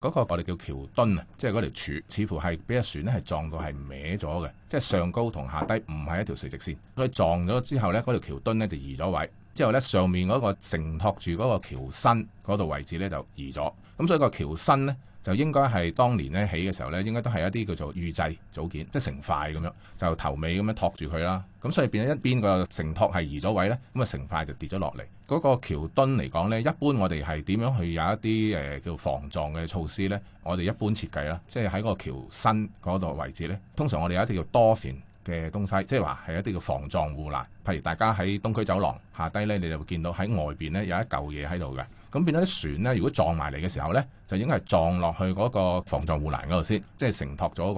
嗰個我哋叫橋墩啊，即係嗰條柱，似乎係俾一船咧係撞到係歪咗嘅，即係上高同下低唔係一條垂直線。佢撞咗之後咧，嗰條橋墩咧就移咗位，之後咧上面嗰個承托住嗰個橋身嗰度位置咧就移咗，咁所以個橋身咧。就應該係當年咧起嘅時候咧，應該都係一啲叫做預製組件，即係成塊咁樣就頭尾咁樣托住佢啦。咁所以變咗一邊個承托係移咗位咧，咁啊成塊就跌咗落嚟。嗰、那個橋墩嚟講咧，一般我哋係點樣去有一啲誒叫防撞嘅措施咧？我哋一般設計啦，即係喺個橋身嗰度位置咧，通常我哋有一啲叫多片嘅東西，即係話係一啲嘅防撞護欄。譬如大家喺東區走廊，下低呢，你就會見到喺外邊呢有一嚿嘢喺度嘅。咁變咗啲船呢，如果撞埋嚟嘅時候呢，就應該係撞落去嗰個防撞護欄嗰度先，即係承托咗嗰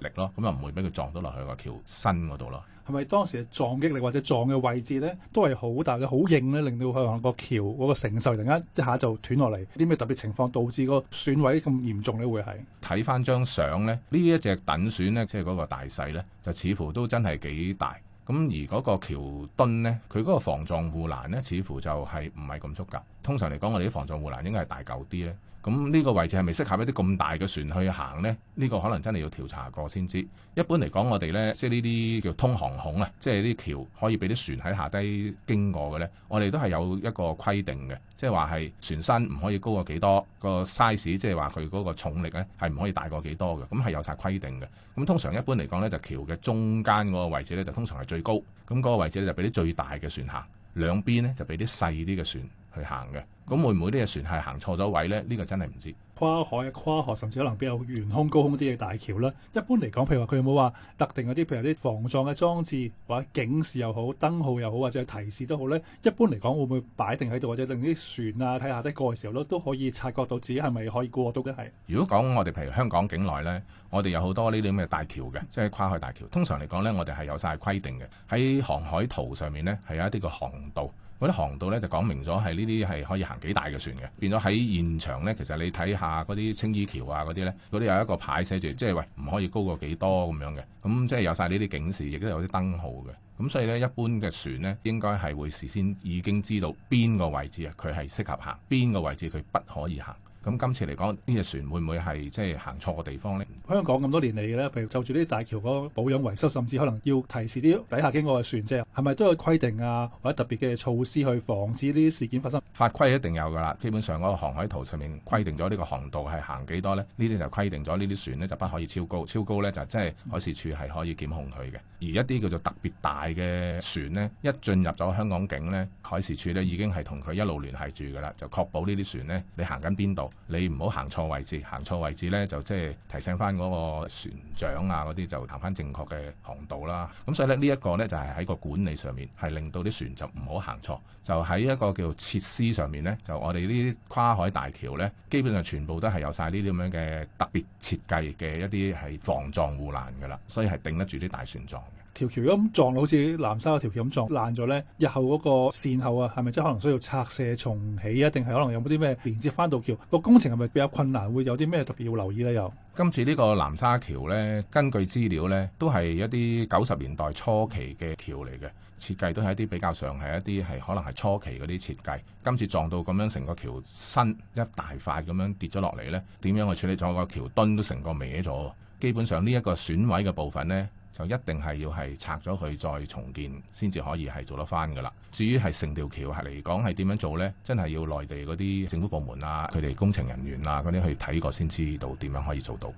個力咯。咁又唔會俾佢撞到落去個橋身嗰度咯。係咪當時嘅撞擊力或者撞嘅位置呢都係好大嘅好硬呢，令到佢個橋嗰個承受突然間一下就斷落嚟？啲咩特別情況導致個損毀咁嚴重呢？會係睇翻張相呢，呢一隻等損呢，即係嗰個大細呢，就似乎都真係幾大。咁而嗰個橋墩呢，佢嗰個防撞護欄呢，似乎就係唔係咁足夠。通常嚟講，我哋啲防撞護欄應該係大嚿啲呢。咁呢個位置係咪適合一啲咁大嘅船去行呢？呢、呢個可能真係要調查過先知。一般嚟講，我哋呢，即係呢啲叫通航孔啊，即係啲橋可以俾啲船喺下低經過嘅呢。我哋都係有一個規定嘅，即係話係船身唔可以高過幾多、個 size，即係話佢嗰個重力呢係唔可以大過幾多嘅。咁係有晒規定嘅。咁通常一般嚟講呢，就橋嘅中間嗰個位置呢，就通常係最高。咁、嗰、嗰個位置呢，就俾啲最大嘅船行。兩邊咧就俾啲細啲嘅船去行嘅，咁會唔會呢隻船係行錯咗位咧？呢、呢個真係唔知。跨海啊、跨河，甚至可能比較懸空、高空啲嘅大橋啦。一般嚟講，譬如話佢有冇話特定嗰啲，譬如啲防撞嘅裝置或者警示又好、燈號又好，或者提示都好咧。一般嚟講，會唔會擺定喺度，或者令啲船啊睇下得過嘅時候咧，都可以察覺到自己係咪可以過到嘅？係。如果講我哋譬如香港境內咧，我哋有好多呢啲咁嘅大橋嘅，即係跨海大橋。通常嚟講咧，我哋係有晒規定嘅。喺航海圖上面咧，係有一啲個航道。嗰啲航道呢就講明咗係呢啲係可以行幾大嘅船嘅，變咗喺現場呢，其實你睇下嗰啲青衣橋啊嗰啲呢，嗰啲有一個牌寫住，即係喂唔可以高過幾多咁樣嘅，咁即係有晒呢啲警示，亦都有啲燈號嘅，咁所以呢，一般嘅船呢，應該係會事先已經知道邊個位置啊，佢係適合行，邊個位置佢不可以行。咁今次嚟講，呢隻船會唔會係即係行錯個地方呢？香港咁多年嚟嘅咧，譬如就住呢啲大橋嗰個保養維修，甚至可能要提示啲底下經過嘅船隻。係咪都有規定啊？或者特別嘅措施去防止呢啲事件發生？法規一定有噶啦。基本上嗰個航海圖上面規定咗呢個航道係行幾多呢，呢啲就規定咗呢啲船呢，就不可以超高，超高呢，就即係海事處係可以檢控佢嘅。而一啲叫做特別大嘅船呢，一進入咗香港境呢，海事處呢已經係同佢一路聯繫住噶啦，就確保呢啲船呢，你行緊邊度。你唔好行錯位置，行錯位置呢，就即係提醒翻嗰個船長啊，嗰啲就行翻正確嘅航道啦。咁所以咧呢一個呢，就係喺個管理上面，係令到啲船就唔好行錯。就喺一個叫做設施上面呢，就我哋呢啲跨海大橋呢，基本上全部都係有晒呢啲咁樣嘅特別設計嘅一啲係防撞護欄噶啦，所以係頂得住啲大船撞嘅。條橋咁撞咯，好似南沙個條橋咁撞爛咗呢。日後嗰個善後啊，係咪即係可能需要拆卸重起啊？定係可能有冇啲咩連接翻到橋個工程係咪比較困難？會有啲咩特別要留意呢？又今次呢個南沙橋呢，根據資料呢，都係一啲九十年代初期嘅橋嚟嘅，設計都係一啲比較上係一啲係可能係初期嗰啲設計。今次撞到咁樣成個橋身一大塊咁樣跌咗落嚟呢，點樣去處理？仲有個橋墩都成個歪咗。基本上呢一個損毀嘅部分呢。就一定係要係拆咗佢再重建先至可以係做得翻㗎喇。至於係成條橋係嚟講係點樣做呢？真係要內地嗰啲政府部門啊、佢哋工程人員啊嗰啲去睇過先知道點樣可以做到。